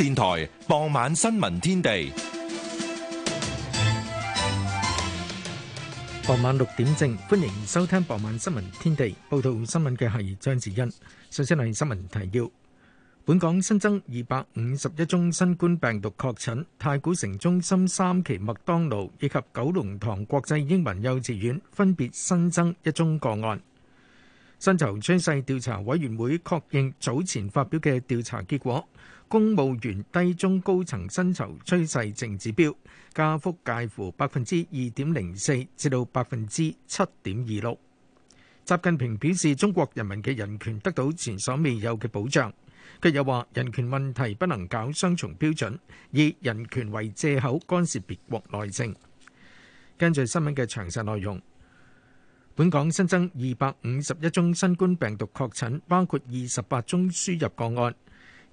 電台傍晚新聞天地，傍晚六點正歡迎收聽傍晚新聞天地。報道新聞嘅係張子欣。首先係新聞提要：本港新增二百五十一宗新冠病毒確診，太古城中心三期麥當勞以及九龍塘國際英文幼稚園分別新增一宗個案。薪酬趨勢調查委員會確認早前發表嘅調查結果，公務員低中高層薪酬趨勢淨指標加幅介乎百分之二點零四至到百分之七點二六。習近平表示，中國人民嘅人權得到前所未有嘅保障。佢又話，人權問題不能搞雙重標準，以人權為藉口干涉別國內政。跟住新聞嘅詳細內容。本港新增二百五十一宗新冠病毒確診，包括二十八宗輸入個案。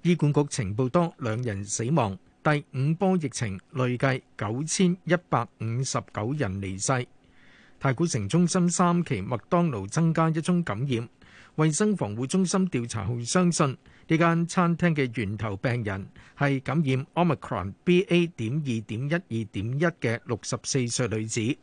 醫管局情報多兩人死亡，第五波疫情累計九千一百五十九人離世。太古城中心三期麥當勞增加一宗感染，衛生防護中心調查後相信呢間餐廳嘅源頭病人係感染 Omicron BA. 點二點一二點一嘅六十四歲女子。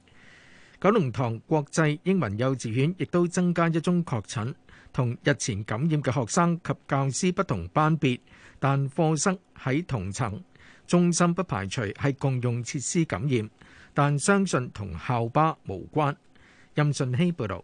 九龍塘國際英文幼稚園亦都增加一宗確診，同日前感染嘅學生及教師不同班別，但課室喺同層，中心不排除係共用設施感染，但相信同校巴無關。任俊希報導，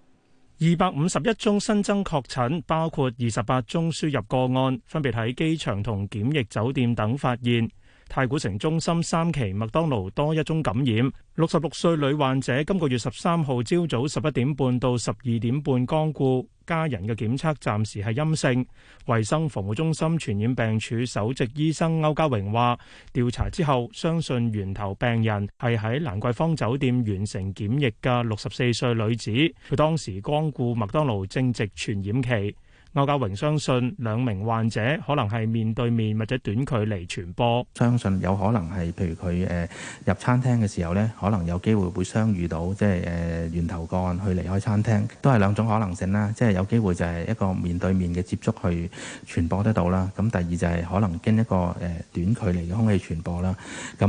二百五十一宗新增確診，包括二十八宗輸入個案，分別喺機場同檢疫酒店等發現。太古城中心三期麥當勞多一宗感染，六十六歲女患者今個月十三號朝早十一點半到十二點半光顧，家人嘅檢測暫時係陰性。衞生防護中心傳染病處首席醫生歐家榮話：調查之後，相信源頭病人係喺蘭桂坊酒店完成檢疫嘅六十四歲女子，佢當時光顧麥當勞正值傳染期。歐家榮相信兩名患者可能係面對面或者短距離傳播，相信有可能係，譬如佢誒入餐廳嘅時候呢，可能有機會會相遇到，即係誒源頭個案去離開餐廳，都係兩種可能性啦。即係有機會就係一個面對面嘅接觸去傳播得到啦。咁第二就係可能經一個誒短距離嘅空氣傳播啦。咁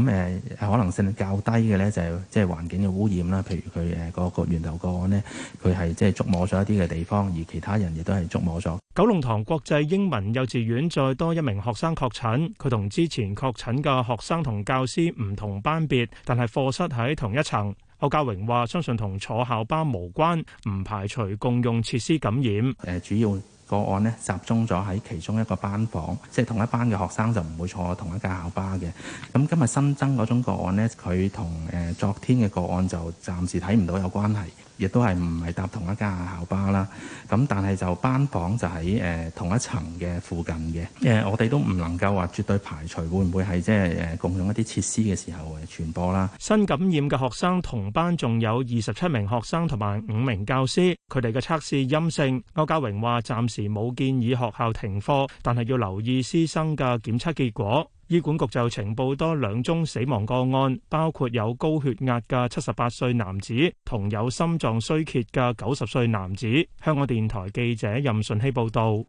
誒可能性較低嘅呢就係即係環境嘅污染啦。譬如佢誒嗰個源頭個案呢，佢係即係觸摸咗一啲嘅地方，而其他人亦都係觸摸咗。九龍塘國際英文幼稚園再多一名學生確診，佢同之前確診嘅學生同教師唔同班別，但係課室喺同一層。歐家榮話：相信同坐校巴無關，唔排除共用設施感染。誒，主要個案呢，集中咗喺其中一個班房，即係同一班嘅學生就唔會坐同一架校巴嘅。咁今日新增嗰種個案呢，佢同誒昨天嘅個案就暫時睇唔到有關係。亦都係唔係搭同一間校巴啦？咁但係就班房就喺誒同一層嘅附近嘅誒，我哋都唔能夠話絕對排除會唔會係即係誒共用一啲設施嘅時候誒傳播啦。新感染嘅學生同班仲有二十七名學生同埋五名教師，佢哋嘅測試陰性。歐家榮話暫時冇建議學校停課，但係要留意師生嘅檢測結果。醫管局就情報多兩宗死亡個案，包括有高血壓嘅七十八歲男子同有心臟衰竭嘅九十歲男子。香港電台記者任順希報道。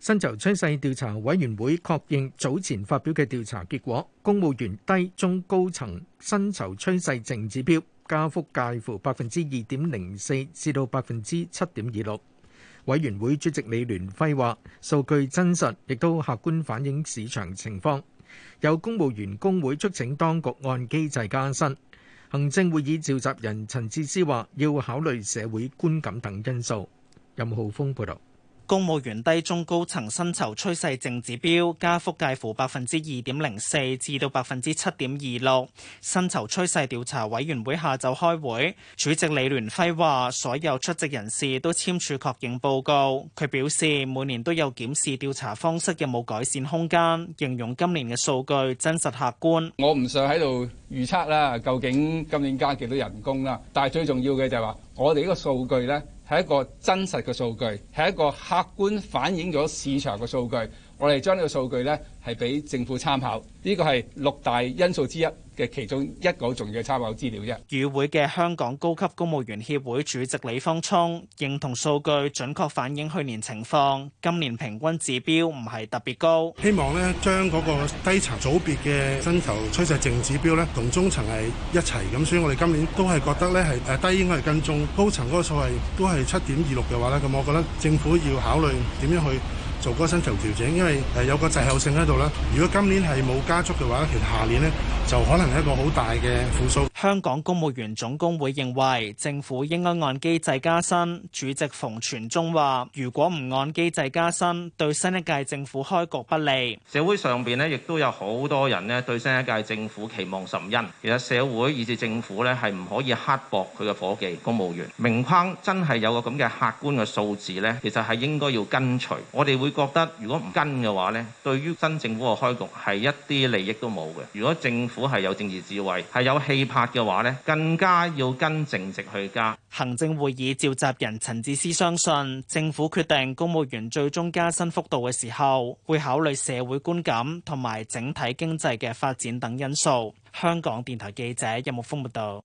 薪酬趨勢調查委員會確認早前發表嘅調查結果，公務員低中高層薪酬趨勢淨指標加幅介乎百分之二點零四至到百分之七點二六。委員會主席李聯輝話：數據真實，亦都客觀反映市場情況。有公務員工會促請當局按機制加薪。行政會議召集人陳智思話：要考慮社會觀感等因素。任浩峰報導。公務員低中高層薪酬趨勢淨指標加幅介乎百分之二點零四至到百分之七點二六。薪酬趨勢調查委員會下晝開會，主席李聯輝話：所有出席人士都簽署確認報告。佢表示每年都有檢視調查方式，有冇改善空間，形容今年嘅數據真實客觀。我唔想喺度預測啦，究竟今年加幾多人工啦？但係最重要嘅就係話。我哋呢個數據呢，係一個真實嘅數據，係一個客觀反映咗市場嘅數據。我哋將呢個數據呢，係俾政府參考，呢個係六大因素之一嘅其中一個重要嘅參考資料啫。與會嘅香港高級公務員協會主席李方聰認同數據準確反映去年情況，今年平均指標唔係特別高。希望咧將嗰個低層組別嘅薪酬趨勢淨指標咧同中層係一齊咁，所以我哋今年都係覺得咧係誒低應該係跟蹤高層嗰個數係都係七點二六嘅話咧，咁我覺得政府要考慮點樣去做嗰個薪酬調整，因為誒有個滯後性喺度啦。如果今年係冇加速嘅話，其實下年咧就可能係一個好大嘅負數。香港公務員總工會認為政府應該按機制加薪。主席馮傳中話，如果唔按機制加薪，對新一屆政府開局不利。社會上邊咧亦都有好多人咧對新一屆政府期望甚殷。其實社會以至政府咧係唔可以刻薄佢嘅伙計公務員。明框真係有個咁嘅客觀嘅數字咧，其實係應該要跟隨。我哋會覺得如果唔跟嘅話咧，對於新政府嘅開局係一啲利益都冇嘅。如果政府係有政治智慧、係有氣魄嘅話呢，更加要跟政值去加。行政會議召集人陳智思相信，政府決定公務員最終加薪幅度嘅時候，會考慮社會觀感同埋整體經濟嘅發展等因素。香港電台記者任木峯報道。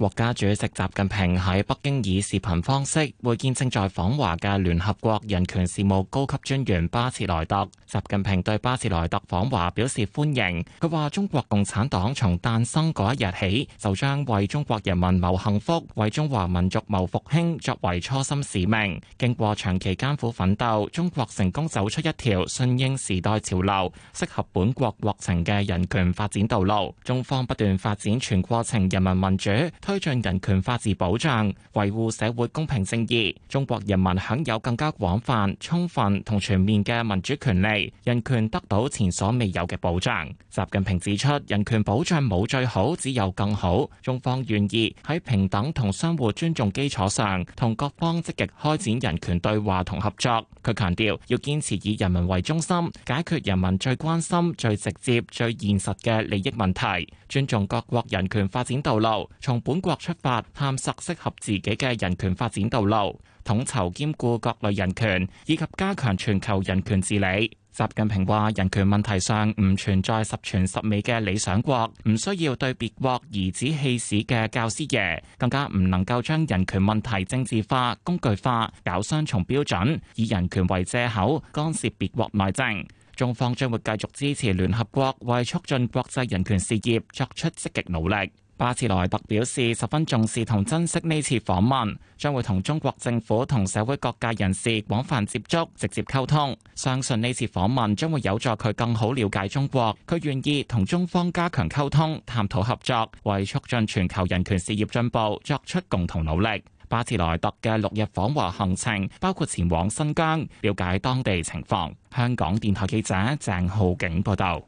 國家主席習近平喺北京以視頻方式會見正在訪華嘅聯合國人權事務高級專員巴切萊特。習近平對巴切萊特訪華表示歡迎。佢話：中國共產黨從誕生嗰一日起，就將為中國人民謀幸福、為中華民族謀復興作為初心使命。經過長期艱苦奮鬥，中國成功走出一條順應時代潮流、適合本國國情嘅人權發展道路。中方不斷發展全過程人民民主。推進人權法治保障，維護社會公平正義，中國人民享有更加廣泛、充分同全面嘅民主權利，人權得到前所未有嘅保障。習近平指出，人權保障冇最好，只有更好，中方願意喺平等同相互尊重基礎上，同各方積極開展人權對話同合作。佢強調，要堅持以人民為中心，解決人民最關心、最直接、最現實嘅利益問題，尊重各國人權發展道路。從本中國出發探索適合自己嘅人權發展道路，統籌兼顧各類人權，以及加強全球人權治理。習近平話：人權問題上唔存在十全十美嘅理想國，唔需要對別國頤指氣使嘅教師爺，更加唔能夠將人權問題政治化、工具化，搞雙重標準，以人權為借口干涉別國內政。中方將會繼續支持聯合國為促進國際人權事業作出積極努力。巴茨萊特表示十分重視同珍惜呢次訪問，將會同中國政府同社會各界人士廣泛接觸、直接溝通，相信呢次訪問將會有助佢更好了解中國。佢願意同中方加強溝通、探討合作，為促進全球人權事業進步作出共同努力。巴茨萊特嘅六日訪華行程包括前往新疆了解當地情況。香港電台記者鄭浩景報道。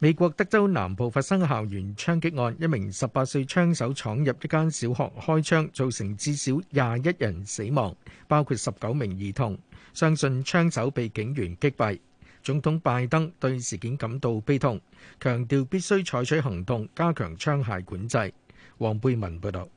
美國德州南部發生校園槍擊案，一名十八歲槍手闖入一間小學開槍，造成至少廿一人死亡，包括十九名兒童。相信槍手被警員擊斃。總統拜登對事件感到悲痛，強調必須採取行動加強槍械管制。黃貝文報道。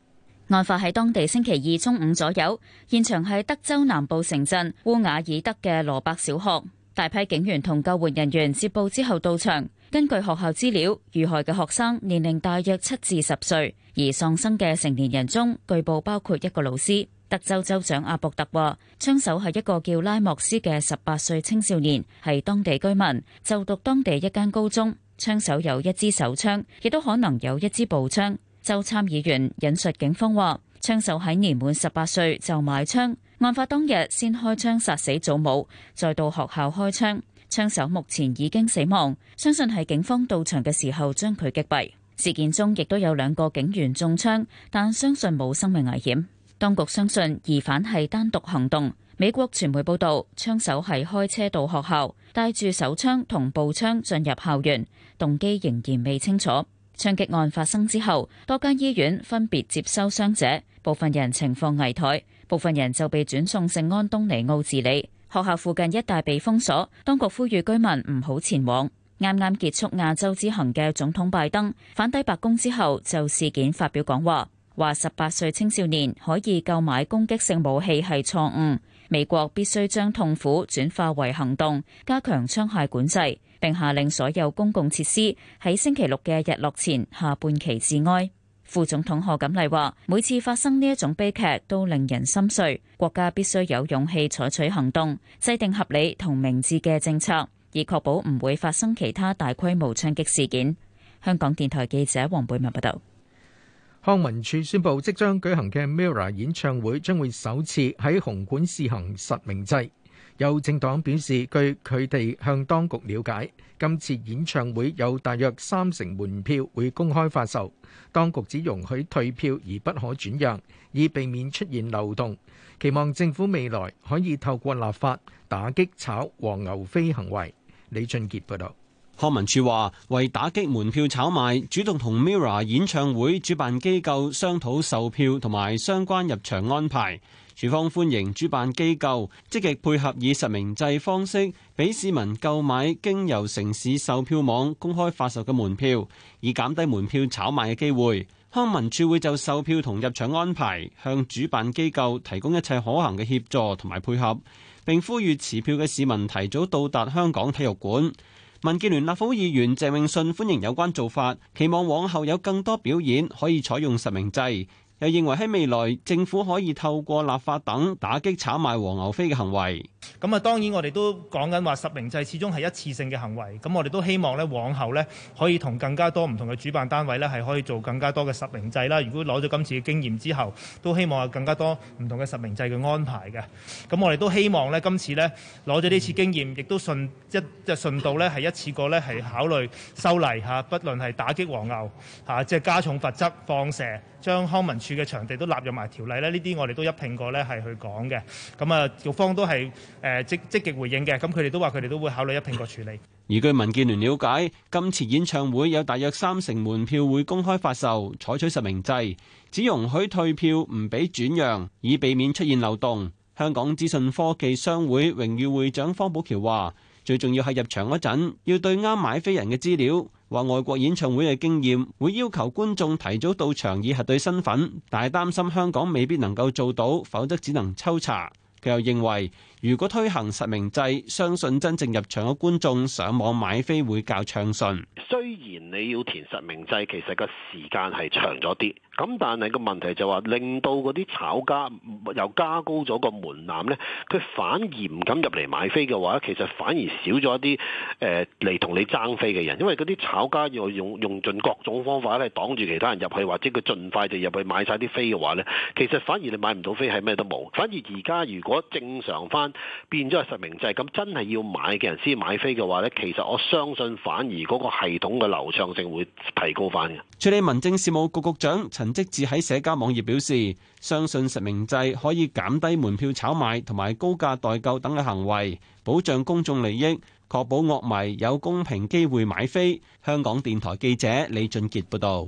案發喺當地星期二中午左右，現場係德州南部城鎮烏瓦爾德嘅羅伯小學，大批警員同救援人員接報之後到場。根據學校資料，遇害嘅學生年齡大約七至十歲，而喪生嘅成年人中，據報包括一個老師。德州州長阿伯特話，槍手係一個叫拉莫斯嘅十八歲青少年，係當地居民，就讀當地一間高中。槍手有一支手槍，亦都可能有一支步槍。州參議員引述警方話，槍手喺年滿十八歲就買槍，案發當日先開槍殺死祖母，再到學校開槍。槍手目前已經死亡，相信係警方到場嘅時候將佢擊斃。事件中亦都有兩個警員中槍，但相信冇生命危險。當局相信疑犯係單獨行動。美國傳媒報道，槍手係開車到學校，帶住手槍同步槍進入校園，動機仍然未清楚。槍擊案發生之後，多間醫院分別接收傷者，部分人情況危殆，部分人就被轉送聖安東尼奧治理。學校附近一帶被封鎖，當局呼籲居民唔好前往。啱啱結束亞洲之行嘅總統拜登返抵白宮之後，就事件發表講話，話十八歲青少年可以購買攻擊性武器係錯誤。美國必須將痛苦轉化為行動，加強槍械管制，並下令所有公共設施喺星期六嘅日落前下半旗致哀。副總統賀錦麗話：每次發生呢一種悲劇都令人心碎，國家必須有勇氣採取行動，制定合理同明智嘅政策，以確保唔會發生其他大規模槍擊事件。香港電台記者黃貝文報道。康文署宣布，即將舉行嘅 MIRROR 演唱會將會首次喺紅館試行實名制。有政黨表示，據佢哋向當局瞭解，今次演唱會有大約三成門票會公開發售，當局只容許退票而不可轉讓，以避免出現漏洞。期望政府未來可以透過立法打擊炒黃牛飛行為。李俊傑報導。康文署話，為打擊門票炒賣，主動同 Mira 演唱會主辦機構商討售票同埋相關入場安排。署方歡迎主辦機構積極配合，以實名制方式俾市民購買經由城市售票網公開發售嘅門票，以減低門票炒賣嘅機會。康文署會就售票同入場安排向主辦機構提供一切可行嘅協助同埋配合，並呼籲持票嘅市民提早到達香港體育館。民建聯立法會議員謝永信歡迎有關做法，期望往後有更多表演可以採用實名制。又認為喺未來政府可以透過立法等打擊炒賣黃牛飛嘅行為。咁啊，當然我哋都講緊話實名制，始終係一次性嘅行為。咁我哋都希望咧，往後咧可以同更加多唔同嘅主辦單位咧係可以做更加多嘅實名制啦。如果攞咗今次嘅經驗之後，都希望有更加多唔同嘅實名制嘅安排嘅。咁我哋都希望咧，今次咧攞咗呢次經驗，亦都順一即係順道咧，係一次過咧係考慮修例嚇，不論係打擊黃牛嚇，即係加重罰則放蛇。將康文署嘅場地都納入埋條例咧，呢啲我哋都一併過呢係去講嘅。咁啊，局方都係誒積積極回應嘅，咁佢哋都話佢哋都會考慮一併過處理。而據民建聯了解，今次演唱會有大約三成門票會公開發售，採取實名制，只容許退票，唔俾轉讓，以避免出現漏洞。香港資訊科技商會榮譽會長方寶橋話，最重要係入場嗰陣要對啱買飛人嘅資料。話外國演唱會嘅經驗會要求觀眾提早到場以核對身份，但係擔心香港未必能夠做到，否則只能抽查。佢又認為：如果推行實名制，相信真正入場嘅觀眾上網買飛會較暢順。雖然你要填實名制，其實個時間係長咗啲，咁但係個問題就話令到嗰啲炒家又加高咗個門檻咧，佢反而唔敢入嚟買飛嘅話，其實反而少咗一啲誒嚟同你爭飛嘅人。因為嗰啲炒家要用用盡各種方法咧，擋住其他人入去，或者佢盡快就入去買晒啲飛嘅話咧，其實反而你買唔到飛係咩都冇。反而而家如果正常翻，變咗係實名制，咁真係要買嘅人先買飛嘅話呢，其實我相信反而嗰個系統嘅流暢性會提高翻嘅。助理民政事務局局長陳積志喺社交網頁表示，相信實名制可以減低門票炒賣同埋高價代購等嘅行為，保障公眾利益，確保樂迷有公平機會買飛。香港電台記者李俊傑報道。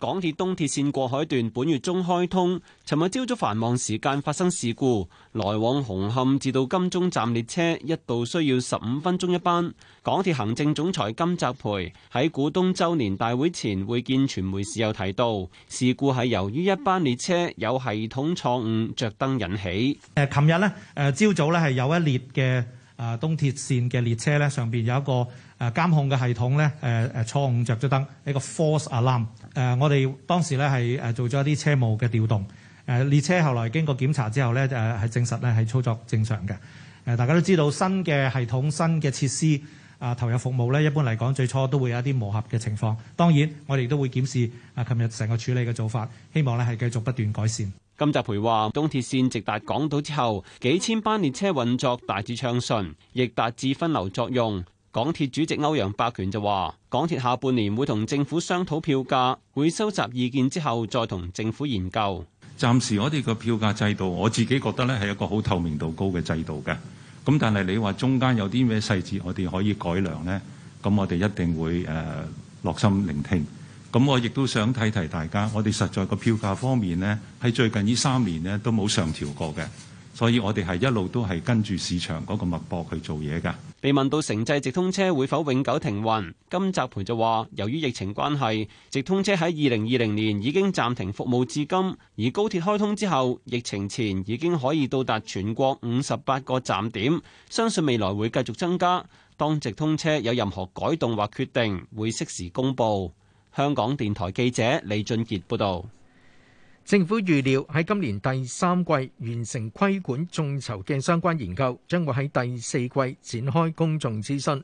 港鐵東鐵綫過海段本月中開通，尋日朝早繁忙時間發生事故，來往紅磡至到金鐘站列車一度需要十五分鐘一班。港鐵行政總裁金澤培喺股東周年大會前會見傳媒時，有提到事故係由於一班列車有系統錯誤着燈引起。誒，琴日咧誒，朝早咧係有一列嘅誒東鐵綫嘅列車咧，上邊有一個誒監控嘅系統咧，誒誒錯誤着咗燈，一個 false alarm。誒、啊，我哋當時咧係誒做咗一啲車務嘅調動，誒、啊、列車後來經過檢查之後咧，就係係證實咧係操作正常嘅。誒、啊，大家都知道新嘅系統、新嘅設施啊投入服務咧，一般嚟講最初都會有一啲磨合嘅情況。當然，我哋都會檢視啊，琴日成個處理嘅做法，希望咧係繼續不斷改善。金澤培話：東鐵線直達港島之後，幾千班列車運作大致暢順，亦達致分流作用。港鐵主席歐陽伯權就話，港鐵下半年會同政府商討票價，會收集意見之後再同政府研究。暫時我哋個票價制度，我自己覺得咧係一個好透明度高嘅制度嘅。咁但係你話中間有啲咩細節我哋可以改良呢？咁我哋一定會誒落、呃、心聆聽。咁我亦都想提提大家，我哋實在個票價方面呢，喺最近呢三年咧都冇上調過嘅，所以我哋係一路都係跟住市場嗰個脈搏去做嘢噶。被問到城際直通車會否永久停運，金澤培就話：由於疫情關係，直通車喺二零二零年已經暫停服務至今，而高鐵開通之後，疫情前已經可以到達全國五十八個站點，相信未來會繼續增加。當直通車有任何改動或決定，會適時公佈。香港電台記者李俊傑報道。政府預料喺今年第三季完成規管眾籌嘅相關研究，將會喺第四季展開公眾諮詢。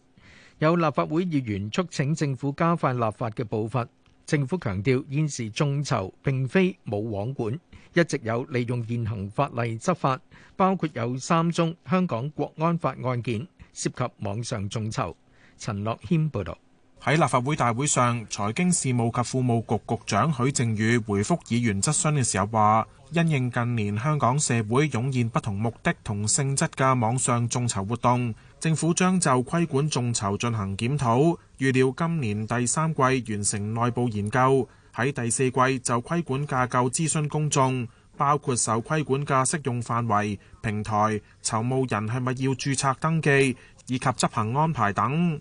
有立法會議員促請政府加快立法嘅步伐。政府強調，現時眾籌並非冇網管，一直有利用現行法例執法，包括有三宗香港國安法案件涉及網上眾籌。陳樂謙報導。喺立法會大會上，財經事務及庫務局局長許正宇回覆議員質詢嘅時候話，因應近年香港社會湧現不同目的同性質嘅網上眾籌活動，政府將就規管眾籌進行檢討，預料今年第三季完成內部研究，喺第四季就規管架構諮詢公眾，包括受規管嘅適用範圍、平台、籌募人係咪要註冊登記以及執行安排等。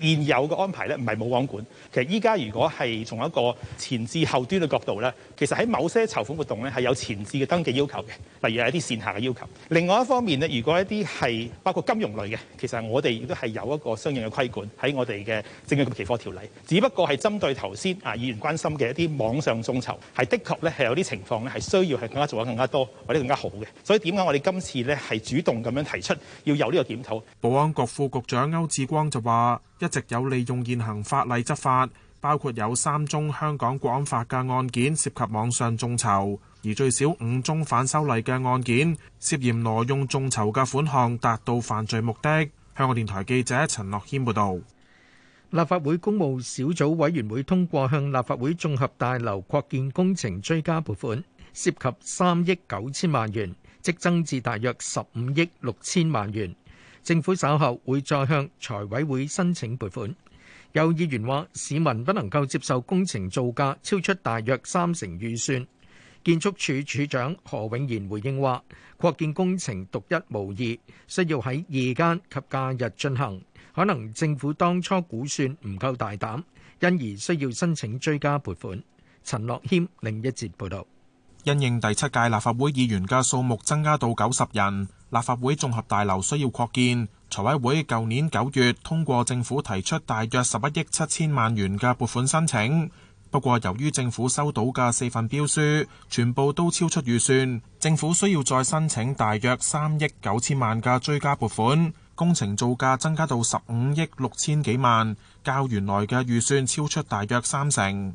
現有嘅安排咧，唔係冇網管。其實依家如果係從一個前置後端嘅角度咧，其實喺某些籌款活動咧係有前置嘅登記要求嘅，例如係一啲線下嘅要求。另外一方面咧，如果一啲係包括金融類嘅，其實我哋亦都係有一個相應嘅規管喺我哋嘅證券及期貨條例。只不過係針對頭先啊議員關心嘅一啲網上眾籌，係的確咧係有啲情況咧係需要係更加做得更加多或者更加好嘅。所以點解我哋今次咧係主動咁樣提出要有呢個檢討？保安局副局長歐志光就話。一直有利用現行法例執法，包括有三宗香港國安法嘅案件涉及網上眾籌，而最少五宗反修例嘅案件涉嫌挪用眾籌嘅款項達到犯罪目的。香港電台記者陳樂謙報道。立法會公務小組委員會通過向立法會綜合大樓擴建工程追加撥款，涉及三億九千萬元，即增至大約十五億六千萬元。政府稍後會再向財委會申請撥款。有議員話：市民不能夠接受工程造價超出大約三成預算。建築署署長何永賢回應話：擴建工程獨一無二，需要喺夜間及假日進行，可能政府當初估算唔夠大膽，因而需要申請追加撥款。陳樂謙另一節報道。因應第七屆立法會議員嘅數目增加到九十人。立法會綜合大樓需要擴建，財委會舊年九月通過政府提出大約十一億七千萬元嘅撥款申請。不過，由於政府收到嘅四份標書全部都超出預算，政府需要再申請大約三億九千萬嘅追加撥款，工程造價增加到十五億六千幾萬，較原來嘅預算超出大約三成。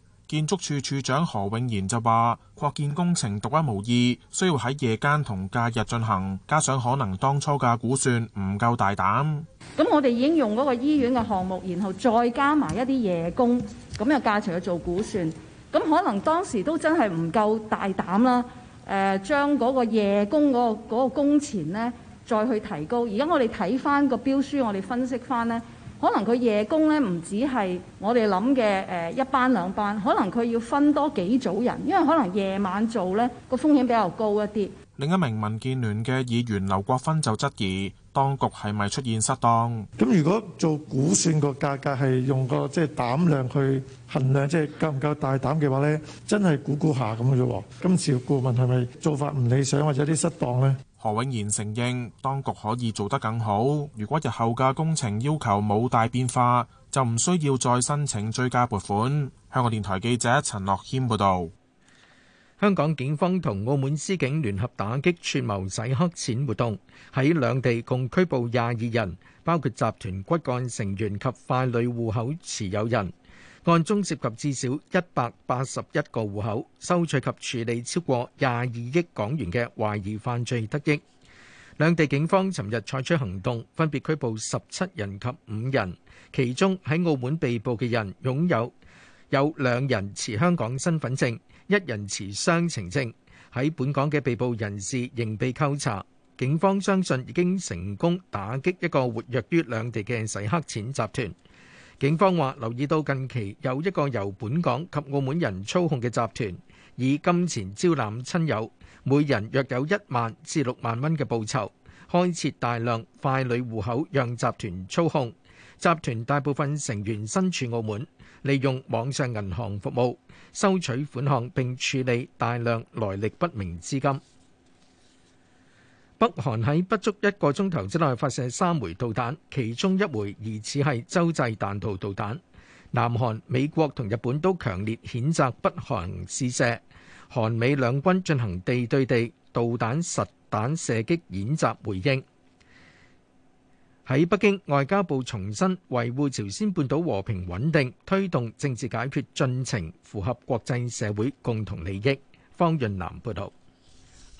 建築處處長何永賢就話：擴建工程獨一無二，需要喺夜間同假日進行，加上可能當初嘅估算唔夠大膽。咁我哋已經用嗰個醫院嘅項目，然後再加埋一啲夜工，咁又價錢去做估算，咁可能當時都真係唔夠大膽啦。誒、呃，將嗰個夜工嗰個工錢呢，再去提高。而家我哋睇翻個標書，我哋分析翻呢。可能佢夜工咧，唔止係我哋諗嘅誒一班兩班，可能佢要分多幾組人，因為可能夜晚做咧，個風險比較高一啲。另一名民建聯嘅議員劉國勳就質疑當局係咪出現失當？咁如果做估算個價格係用個即係膽量去衡量，即係夠唔夠大膽嘅話咧，真係估估下咁嘅啫喎。今次顧問係咪做法唔理想或者有啲失當咧？何永賢承認，當局可以做得更好。如果日後嘅工程要求冇大變化，就唔需要再申請追加撥款。香港電台記者陳樂謙報道。香港警方同澳門司警聯合打擊串謀洗黑錢活動，喺兩地共拘捕廿二人，包括集團骨幹成員及快女戶口持有人。案中涉及至少一百八十一個戶口，收取及處理超過廿二億港元嘅懷疑犯罪得益。兩地警方尋日採取行動，分別拘捕十七人及五人，其中喺澳門被捕嘅人擁有有兩人持香港身份證，一人持雙程證，喺本港嘅被捕人士仍被扣查。警方相信已經成功打擊一個活躍於兩地嘅洗黑錢集團。警方話留意到近期有一個由本港及澳門人操控嘅集團，以金錢招攬親友，每人約有一萬至六萬蚊嘅報酬，開設大量傀儡戶口讓集團操控。集團大部分成員身處澳門，利用網上銀行服務收取款項並處理大量來歷不明資金。北韓喺不足一個鐘頭之內發射三枚導彈，其中一枚疑似係洲際彈道導彈。南韓、美國同日本都強烈譴責北韓試射，韓美兩軍進行地對地導彈實彈射擊演習回應。喺北京，外交部重申維護朝鮮半島和平穩定、推動政治解決進程，符合國際社會共同利益。方潤南報導。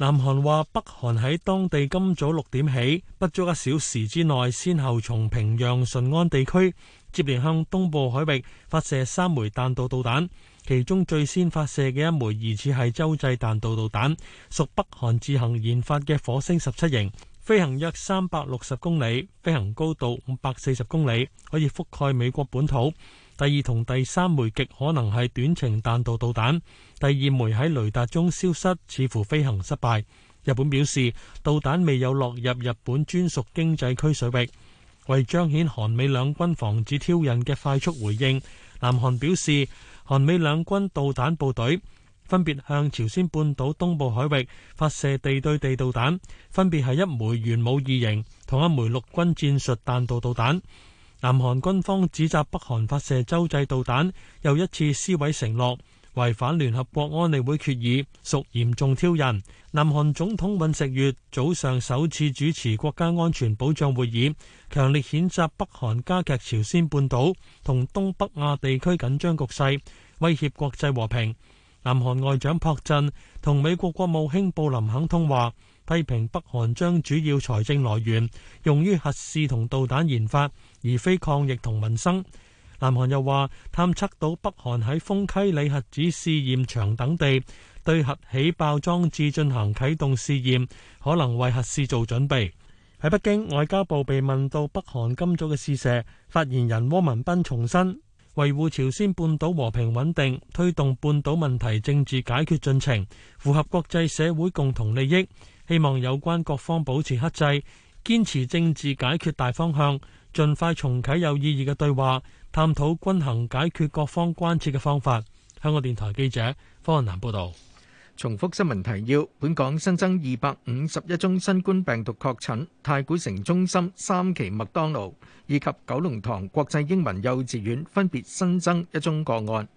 南韓話，北韓喺當地今早六點起不足一小時之內，先後從平壤順安地區接連向東部海域發射三枚彈道導彈，其中最先發射嘅一枚疑似係洲際彈道導彈，屬北韓自行研發嘅火星十七型，飛行約三百六十公里，飛行高度五百四十公里，可以覆蓋美國本土。第二同第三枚極可能係短程彈道導彈，第二枚喺雷達中消失，似乎飛行失敗。日本表示導彈未有落入日本專屬經濟區水域。為彰顯韓美兩軍防止挑釁嘅快速回應，南韓表示韓美兩軍導彈部隊分別向朝鮮半島東部海域發射地對地導彈，分別係一枚玄武二型同一枚陸軍戰術彈道導彈。南韓軍方指責北韓發射洲際導彈，又一次撕毀承諾，違反聯合國安理會決議，屬嚴重挑釁。南韓總統尹錫悅早上首次主持國家安全保障會議，強烈譴責北韓加劇朝鮮半島同東北亞地區緊張局勢，威脅國際和平。南韓外長朴振同美國國務卿布林肯通話，批評北韓將主要財政來源用於核試同導彈研發。而非抗疫同民生。南韓又話，探測到北韓喺豐溪里核子試驗場等地對核起爆裝置進行啟動試驗，可能為核試做準備。喺北京外交部被問到北韓今早嘅試射，發言人汪文斌重申，維護朝鮮半島和平穩定，推動半島問題政治解決進程，符合國際社會共同利益。希望有關各方保持克制，堅持政治解決大方向。盡快重啟有意義嘅對話，探討均衡解決各方關切嘅方法。香港電台記者方雲南報道。重複新聞提要：本港新增二百五十一宗新冠病毒確診，太古城中心三期麥當勞以及九龍塘國際英文幼稚園分別新增一宗個案。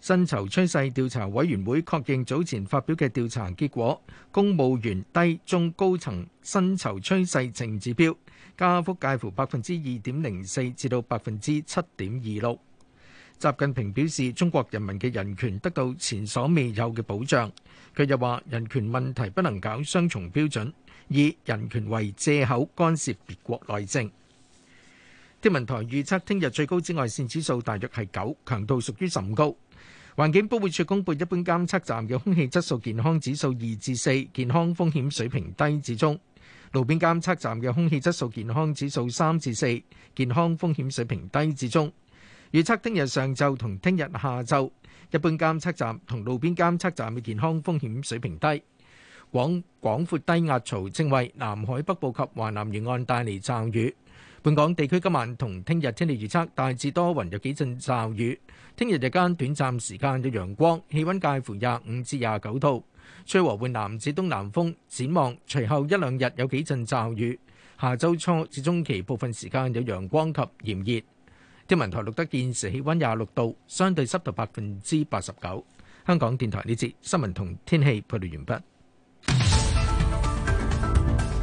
薪酬趨勢調查委員會確認早前發表嘅調查結果，公務員低中高層薪酬趨勢淨指標，加幅介乎百分之二點零四至到百分之七點二六。習近平表示，中國人民嘅人權得到前所未有嘅保障。佢又話，人權問題不能搞雙重標準，以人權為借口干涉別國內政。天文台預測，聽日最高紫外線指數大約係九，強度屬於甚高。環境保護署公布，一般監測站嘅空氣質素健康指數二至四，健康風險水平低至中。路邊監測站嘅空氣質素健康指數三至四，健康風險水平低至中。預測聽日上晝同聽日下晝，一般監測站同路邊監測站嘅健康風險水平低。廣廣闊低壓槽正為南海北部及華南沿岸帶嚟驟雨。本港地區今晚同聽日天氣預測大致多雲，有幾陣驟雨。聽日日間短暫時間有陽光，氣溫介乎廿五至廿九度。吹和緩南至東南風，展望隨後一兩日有幾陣驟雨，下周初至中期部分時間有陽光及炎熱。天文台錄得現時氣温廿六度，相對濕度百分之八十九。香港電台呢節新聞同天氣報道完畢。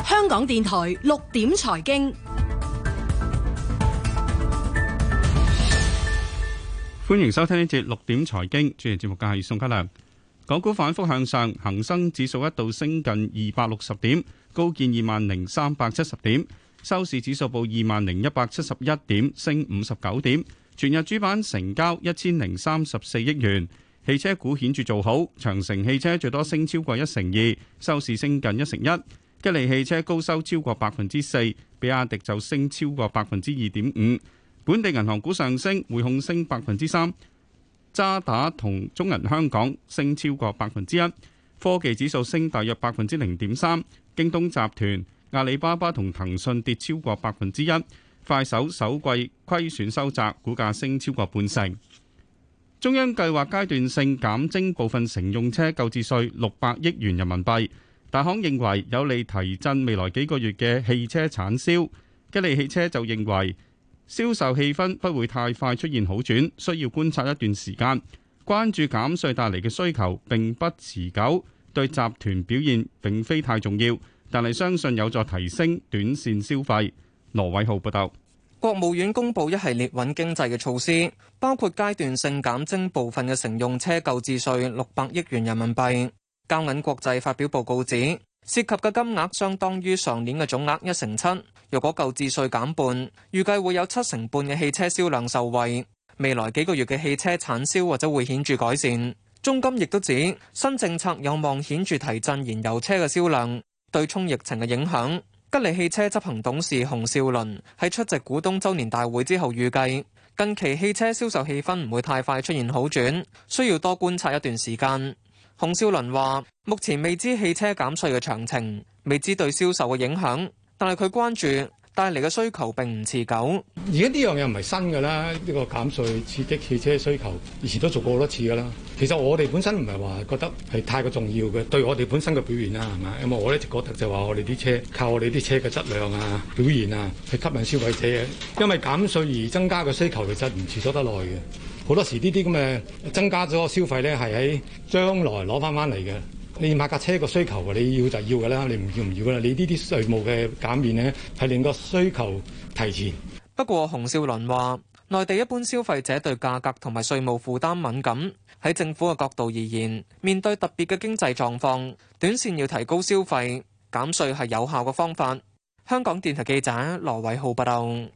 香港電台六點財經，歡迎收聽呢節六點財經，主持節目嘅係宋家亮。港股反覆向上，恒生指數一度升近二百六十點，高見二萬零三百七十點，收市指數報二萬零一百七十一點，升五十九點。全日主板成交一千零三十四億元。汽車股顯著做好，長城汽車最多升超過一成二，收市升近一成一。吉利汽車高收超過百分之四，比亞迪就升超過百分之二點五。本地銀行股上升，匯控升百分之三。渣打同中銀香港升超過百分之一，科技指數升大約百分之零點三。京東集團、阿里巴巴同騰訊跌超過百分之一。快手首季虧損收窄，股價升超過半成。中央計劃階段性減徵部分乘用車購置稅六百億元人民幣，大行認為有利提振未來幾個月嘅汽車產銷。吉利汽車就認為，銷售氣氛不會太快出現好轉，需要觀察一段時間。關注減稅帶嚟嘅需求，並不持久，對集團表現並非太重要，但係相信有助提升短線消費。羅偉浩報道，國務院公布一系列穩經濟嘅措施，包括階段性減徵部分嘅乘用車購置稅六百億元人民幣。交銀國際發表報告指，涉及嘅金額相當於上年嘅總額一成七。若果購置稅減半，預計會有七成半嘅汽車銷量受惠，未來幾個月嘅汽車產銷或者會顯著改善。中金亦都指新政策有望顯著提振燃油車嘅銷量，對沖疫情嘅影響。吉利汽車執行董事洪少倫喺出席股東周年大會之後預計，近期汽車銷售氣氛唔會太快出現好轉，需要多觀察一段時間。洪少倫話：目前未知汽車減稅嘅詳情，未知對銷售嘅影響。但係佢關注帶嚟嘅需求並唔持久。而家呢樣嘢唔係新㗎啦，呢個減稅刺激汽車需求，以前都做過好多次噶啦。其實我哋本身唔係話覺得係太過重要嘅，對我哋本身嘅表現啦，係嘛？因為我一直覺得就話我哋啲車靠我哋啲車嘅質量啊、表現啊，去吸引消費者嘅。因為減稅而增加嘅需求，其實唔持咗得耐嘅。好多時呢啲咁嘅增加咗消費咧，係喺將來攞翻翻嚟嘅。你買架車個需求，你要就要嘅啦，你唔要唔要嘅啦。你呢啲稅務嘅減免呢，係令個需求提前。不過，洪少麟話，內地一般消費者對價格同埋稅務負擔敏感，喺政府嘅角度而言，面對特別嘅經濟狀況，短線要提高消費，減稅係有效嘅方法。香港電台記者羅偉浩報道。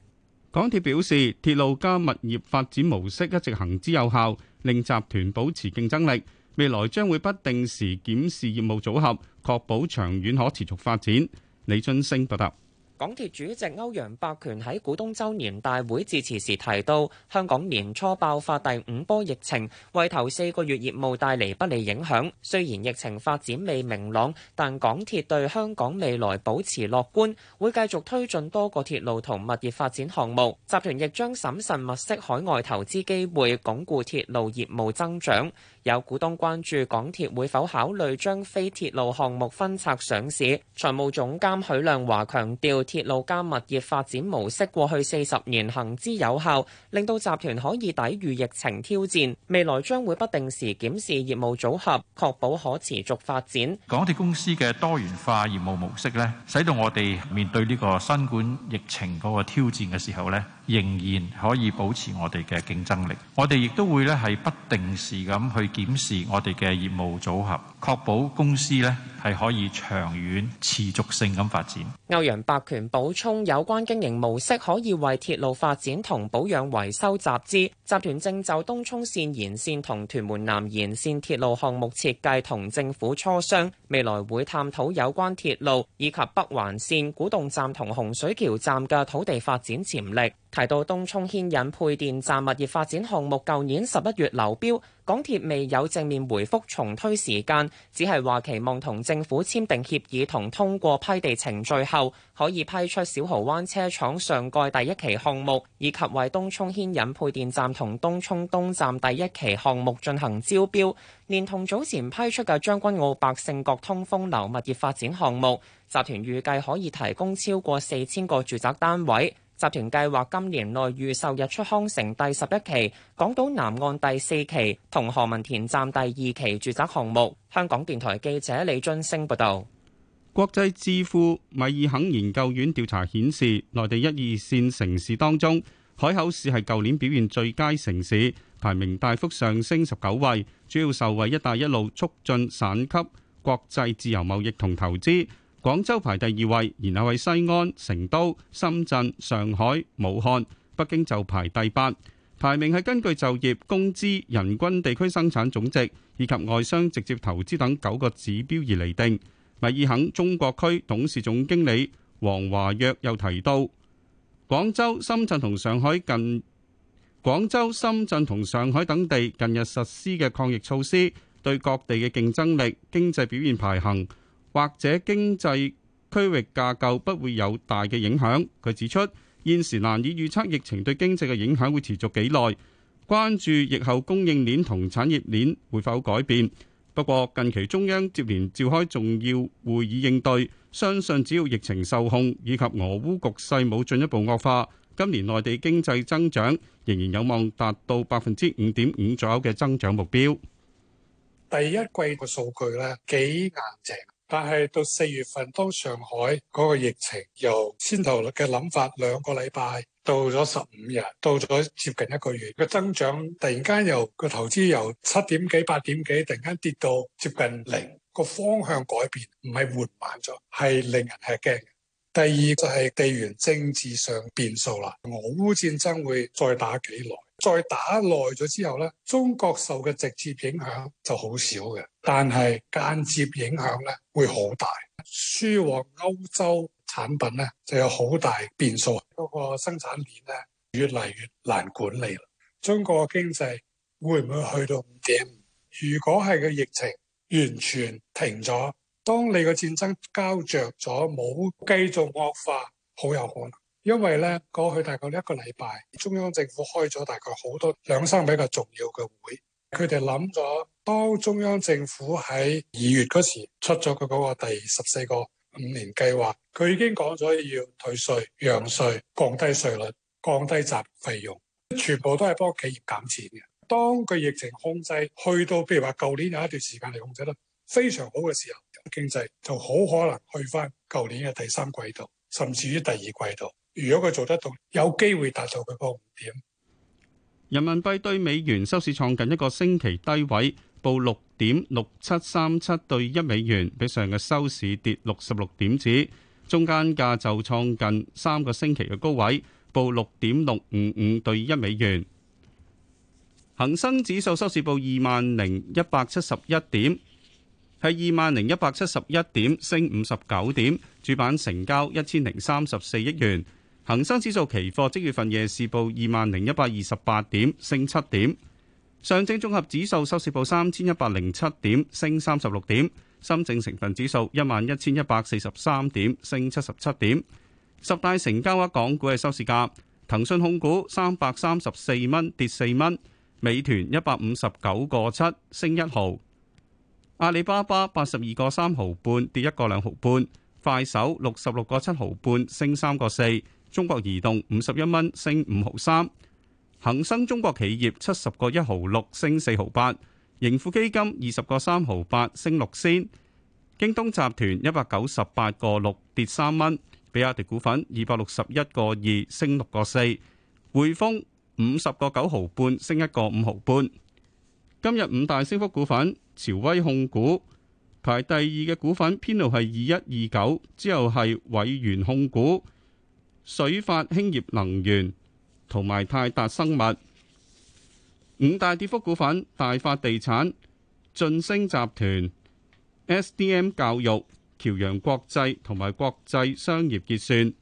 港鐵表示，鐵路加物業發展模式一直行之有效，令集團保持競爭力。未來將會不定時檢視業務組合，確保長遠可持續發展。李津升報道。港鐵主席歐陽伯權喺股東周年大會致辭時提到，香港年初爆發第五波疫情，為頭四個月業務帶嚟不利影響。雖然疫情發展未明朗，但港鐵對香港未來保持樂觀，會繼續推進多個鐵路同物業發展項目。集團亦將審慎物色海外投資機會，鞏固鐵路業務增長。有股東關注港鐵會否考慮將非鐵路項目分拆上市。財務總監許亮華強調。鐵路加物業發展模式過去四十年行之有效，令到集團可以抵御疫情挑戰。未來將會不定時檢視業務組合，確保可持續發展。港鐵公司嘅多元化業務模式，呢使到我哋面對呢個新冠疫情嗰個挑戰嘅時候，呢仍然可以保持我哋嘅競爭力。我哋亦都會呢係不定時咁去檢視我哋嘅業務組合。確保公司咧係可以長遠持續性咁發展。歐陽伯權補充，有關經營模式可以為鐵路發展同保養維修集資。集團正就東涌線延線同屯門南延線鐵路項目設計同政府磋商，未來會探討有關鐵路以及北環線古洞站同洪水橋站嘅土地發展潛力。提到東涌牽引配電站物業發展項目，舊年十一月流標，港鐵未有正面回覆重推時間，只係話期望同政府簽訂協議同通過批地程序後，可以批出小蠔灣車廠上蓋第一期項目，以及為東涌牽引配電站同東涌東站第一期項目進行招標，連同早前批出嘅將軍澳百勝角通風樓物業發展項目，集團預計可以提供超過四千個住宅單位。集團計劃今年內預售日出康城第十一期、港島南岸第四期同何文田站第二期住宅項目。香港電台記者李津升報導。國際智庫米爾肯研究院調查顯示，內地一二線城市當中，海口市係舊年表現最佳城市，排名大幅上升十九位，主要受惠「一帶一路」促進省級國際自由貿易同投資。廣州排第二位，然後係西安、成都、深圳、上海、武漢、北京就排第八。排名係根據就業、工資、人均地區生產總值以及外商直接投資等九個指標而嚟定。咪以肯中國區董事總經理黃華約又提到，廣州、深圳同上海近廣州、深圳同上海等地近日實施嘅抗疫措施，對各地嘅競爭力、經濟表現排行。或者經濟區域架構不會有大嘅影響。佢指出，現時難以預測疫情對經濟嘅影響會持續幾耐，關注疫後供應鏈同產業鏈會否改變。不過，近期中央接連召開重要會議應對，相信只要疫情受控以及俄烏局勢冇進一步惡化，今年內地經濟增長仍然有望達到百分之五點五左右嘅增長目標。第一季個數據呢幾硬淨。但係到四月份，當上海嗰個疫情由先頭嘅諗法兩個禮拜到咗十五日，到咗接近一個月，個增長突然間由個投資由七點幾八點幾，突然間跌到接近零，個方向改變，唔係緩慢咗，係令人吃驚。第二就係地緣政治上變數啦，俄烏戰爭會再打幾耐，再打耐咗之後呢，中國受嘅直接影響就好少嘅。但係間接影響咧，會好大。輸往歐洲產品咧，就有好大變數。嗰、那個生產鏈咧，越嚟越難管理啦。中國嘅經濟會唔會去到五點五？如果係個疫情完全停咗，當你個戰爭膠着咗，冇繼續惡化，好有可能。因為呢，過去大概一個禮拜，中央政府開咗大概好多兩三比較重要嘅會。佢哋諗咗，當中央政府喺二月嗰時出咗佢嗰個第十四個五年計劃，佢已經講咗要退稅、讓稅、降低稅率、降低集費用，全部都係幫企業減錢嘅。當佢疫情控制去到，譬如話舊年有一段時間嚟控制得非常好嘅時候，經濟就好可能去翻舊年嘅第三季度，甚至於第二季度。如果佢做得到，有機會達到佢個五點。人民幣對美元收市創近一個星期低位，報六點六七三七對一美元，比上日收市跌六十六點子。中間價就創近三個星期嘅高位，報六點六五五對一美元。恒生指數收市報二萬零一百七十一點，係二萬零一百七十一點，升五十九點。主板成交一千零三十四億元。恒生指數期貨即月份夜市報二萬零一百二十八點，升七點。上證綜合指數收市報三千一百零七點，升三十六點。深證成分指數一萬一千一百四十三點，升七十七點。十大成交額港股嘅收市價：騰訊控股三百三十四蚊，跌四蚊；美團一百五十九個七，升一毫；阿里巴巴八十二個三毫半，跌一個兩毫半；快手六十六個七毫半，升三個四。中國移動五十一蚊，升五毫三；恒生中國企業七十個一毫六，升四毫八；盈富基金二十個三毫八，升六仙；京東集團一百九十八個六，跌三蚊；比亞迪股份二百六十一個二，升六個四；匯豐五十個九毫半，升一個五毫半。今日五大升幅股份，朝威控股排第二嘅股份，編號係二一二九，之後係偉源控股。水發興業能源同埋泰達生物。五大跌幅股份，大發地產、晉升集團、S D M 教育、僑陽國際同埋國際商業結算。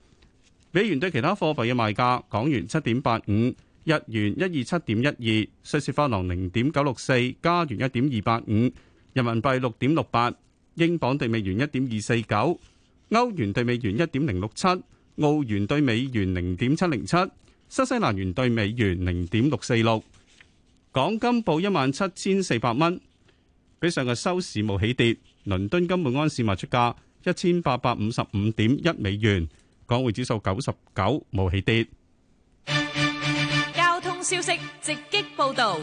美元對其他貨幣嘅賣價：港元七點八五，日元一二七點一二，瑞士法郎零點九六四，加元一點二八五，人民幣六點六八，英鎊對美元一點二四九，歐元對美元一點零六七。澳元兌美元零點七零七，新西蘭元兌美元零點六四六，港金報一萬七千四百蚊，比上日收市冇起跌。倫敦金每盎司賣出價一千八百五十五點一美元，港匯指數九十九冇起跌。交通消息直擊報道。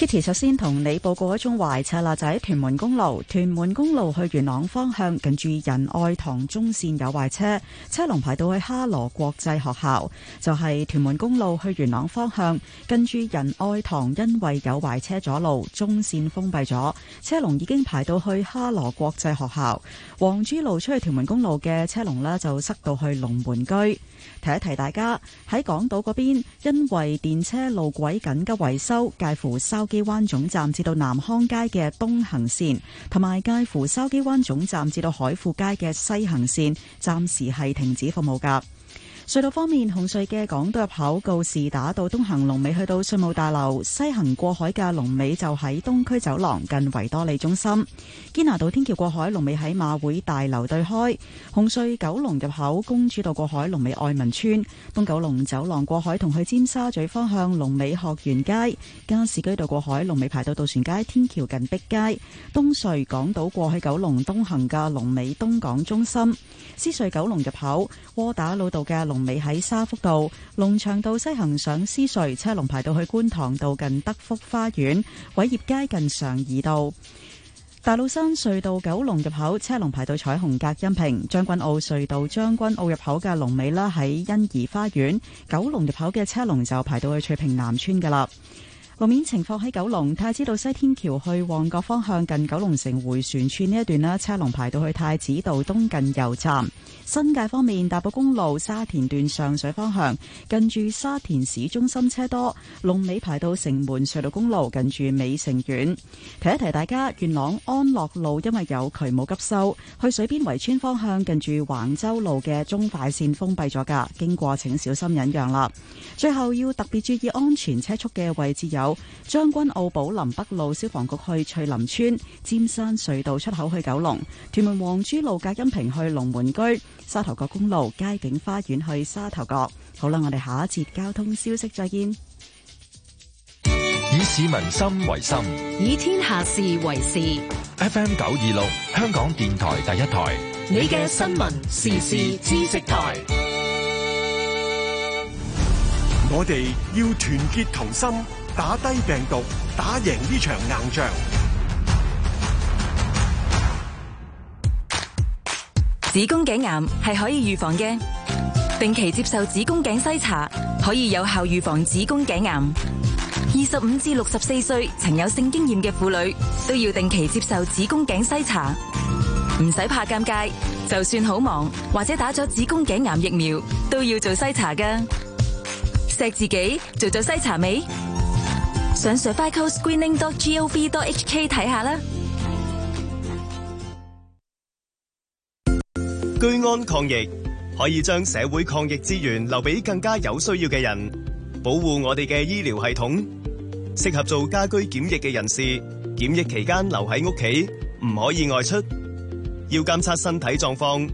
Kitty 首先同你報告一宗壞車啦，就喺、是、屯門公路，屯門公路去元朗方向，近住仁愛堂中線有壞車，車龍排到去哈羅國際學校，就係、是、屯門公路去元朗方向，近住仁愛堂，因為有壞車阻路，中線封閉咗，車龍已經排到去哈羅國際學校，黃珠路出去屯門公路嘅車龍呢，就塞到去龍門居。提一提大家喺港島嗰邊，因為電車路軌緊急維修，介乎筲箕灣總站至到南康街嘅東行線，同埋介乎筲箕灣總站至到海富街嘅西行線，暫時係停止服務噶。隧道方面，紅隧嘅港島入口告士打道東行龍尾去到稅務大樓，西行過海嘅龍尾就喺東區走廊近維多利中心。堅拿道天橋過海龍尾喺馬會大樓對開。紅隧九龍入口公主道過海龍尾愛民邨，東九龍走廊過海同去尖沙咀方向龍尾學園街。加士居道過海龍尾排到渡船街天橋近碧街。東隧港島過去九龍東行嘅龍尾東港中心。獅隧九龍入口窩打老道嘅龍尾喺沙福道、龍翔道西行上獅隧，車龍排到去觀塘道近德福花園、偉業街近常怡道；大老山隧道九龍入口車龍排到彩虹隔音屏、將軍澳隧道將軍澳入口嘅龍尾啦喺欣怡花園，九龍入口嘅車龍就排到去翠屏南村噶啦。路面情況，喺九龍太子道西天橋去旺角方向，近九龍城回旋處呢一段啦，車龍排到去太子道東近油站。新界方面，大埔公路沙田段上水方向，近住沙田市中心車多，龍尾排到城門隧道公路近住美城苑。提一提大家，元朗安樂路因為有渠務急修，去水邊圍村方向近住橫洲路嘅中快線封閉咗噶，經過請小心忍讓啦。最後要特別注意安全車速嘅位置有。將軍澳寶林北路消防局去翠林村，尖山隧道出口去九龍，屯門黃珠路隔音屏去龍門居，沙頭角公路佳景花園去沙頭角。好啦，我哋下一節交通消息再見。以市民心為心，以天下事為事。FM 九二六，香港電台第一台，你嘅新聞時事知識台。我哋要團結同心。打低病毒，打贏呢場硬仗。子宮頸癌係可以預防嘅，定期接受子宮頸篩查可以有效預防子宮頸癌。二十五至六十四歲曾有性經驗嘅婦女都要定期接受子宮頸篩查，唔使怕尷尬。就算好忙或者打咗子宮頸癌疫苗，都要做篩查㗎。錫自己，做咗篩查未？上 safety screening.gov.hk 睇下啦。居安抗疫可以將社會抗疫資源留俾更加有需要嘅人，保護我哋嘅醫療系統。適合做家居檢疫嘅人士，檢疫期間留喺屋企，唔可以外出。要監測身體狀況，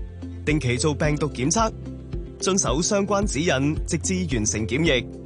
定期做病毒檢測，遵守相關指引，直至完成檢疫。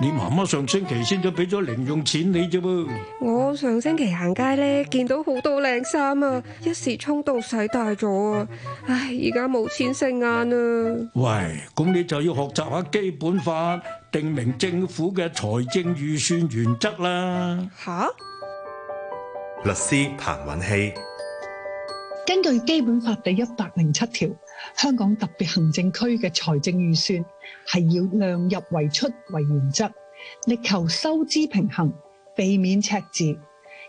你媽媽上星期先就俾咗零用錢你啫噃。我上星期行街咧，見到好多靚衫啊，一時衝動使大咗啊，唉，而家冇錢食晏啊。喂，咁你就要學習下基本法，定明政府嘅財政預算原則啦。吓、啊，律師彭允熙，根據基本法第一百零七條，香港特別行政區嘅財政預算。係要量入為出為原則，力求收支平衡，避免赤字，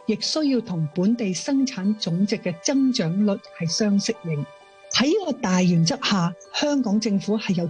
亦需要同本地生產總值嘅增長率係相適應。喺呢個大原則下，香港政府係有。